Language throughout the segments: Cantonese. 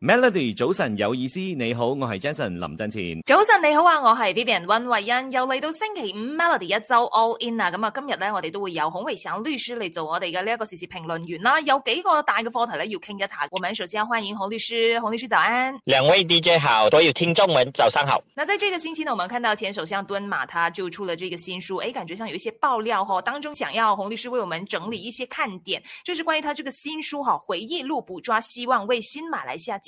Melody 早晨有意思，你好，我係 Jason 林振前。早晨你好啊，我係 Vivian 溫慧欣，又嚟到星期五 Melody 一周 All In 啊，咁、嗯、啊今日咧我哋都會有洪偉祥律師嚟做我哋嘅呢一個時事評論員啦、啊，有幾個大嘅課題咧要傾一下。我哋首先要歡迎洪律師，洪律師早安。兩位 DJ 好，所有聽眾們早上好。那在這個星期呢，我們看到前首相敦馬，他就出了這個新書，誒、哎，感覺上有一些爆料嗬，當中想要洪律師為我們整理一些看點，就是關於他這個新書哈回憶錄，捕捉希望為新馬來西亞。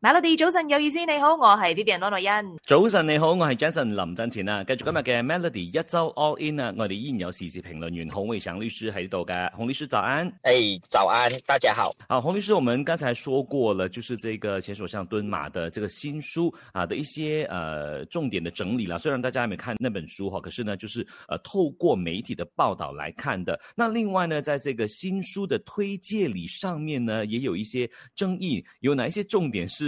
Melody 早晨有意思，你好，我係呢邊安諾欣。早晨你好，我係 Jason 林振前啊。繼續今日嘅 Melody 一周 All In 啊，我哋依然有時事評論員洪偉祥律師喺度嘅，洪律師早安。誒，hey, 早安，大家好。啊，洪律師，我們剛才說過了，就是這個前首相敦馬的這個新書啊的一些誒、呃、重點的整理啦。雖然大家未看那本書哈，可是呢，就是誒、呃、透過媒體的報道來看的。那另外呢，在這個新書的推介禮上面呢，也有一些爭議，有哪一些重點是？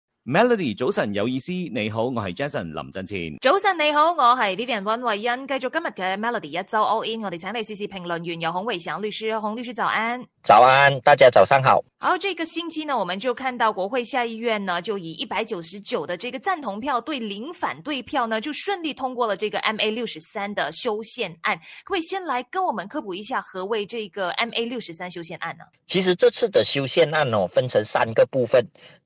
Melody，早晨有意思，你好，我係 Jason 林振前。早晨你好，我係 Vivian Van w 溫慧欣，繼續今日嘅 Melody 一周 All In，我哋請你試試評論員有洪偉祥律師，洪律師早安。早安，大家早上好。好，這個星期呢，我們就看到國會下議院呢，就以一百九十九的這個贊同票對零反對票呢，就順利通過了這個 MA 六十三的修憲案。可以先來跟我們科普一下何謂這個 MA 六十三修憲案呢、啊？其實這次的修憲案哦，分成三個部分。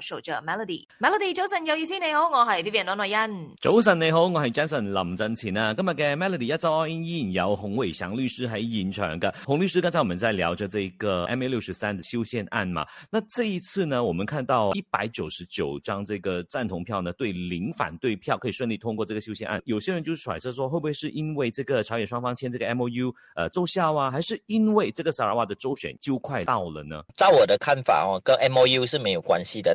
守着 melody，melody Mel 早晨有意思你好，我係 Vivian 羅諾欣。早晨你好，我係 Jason 林振琴啊。今日嘅 melody 一周 All In 由洪偉祥律師喺現場。個洪律師，剛才我們在聊着這一個 M A 六十三的修憲案嘛。那這一次呢，我們看到一百九十九張這個贊同票呢，對零反對票，可以順利通過這個修憲案。有些人就揣測說，會不會是因為這個朝野雙方簽這個 M O U，呃，奏效啊？還是因為這個薩拉瓦的周選就快到了呢？照我的看法哦，跟 M O U 是沒有關係的。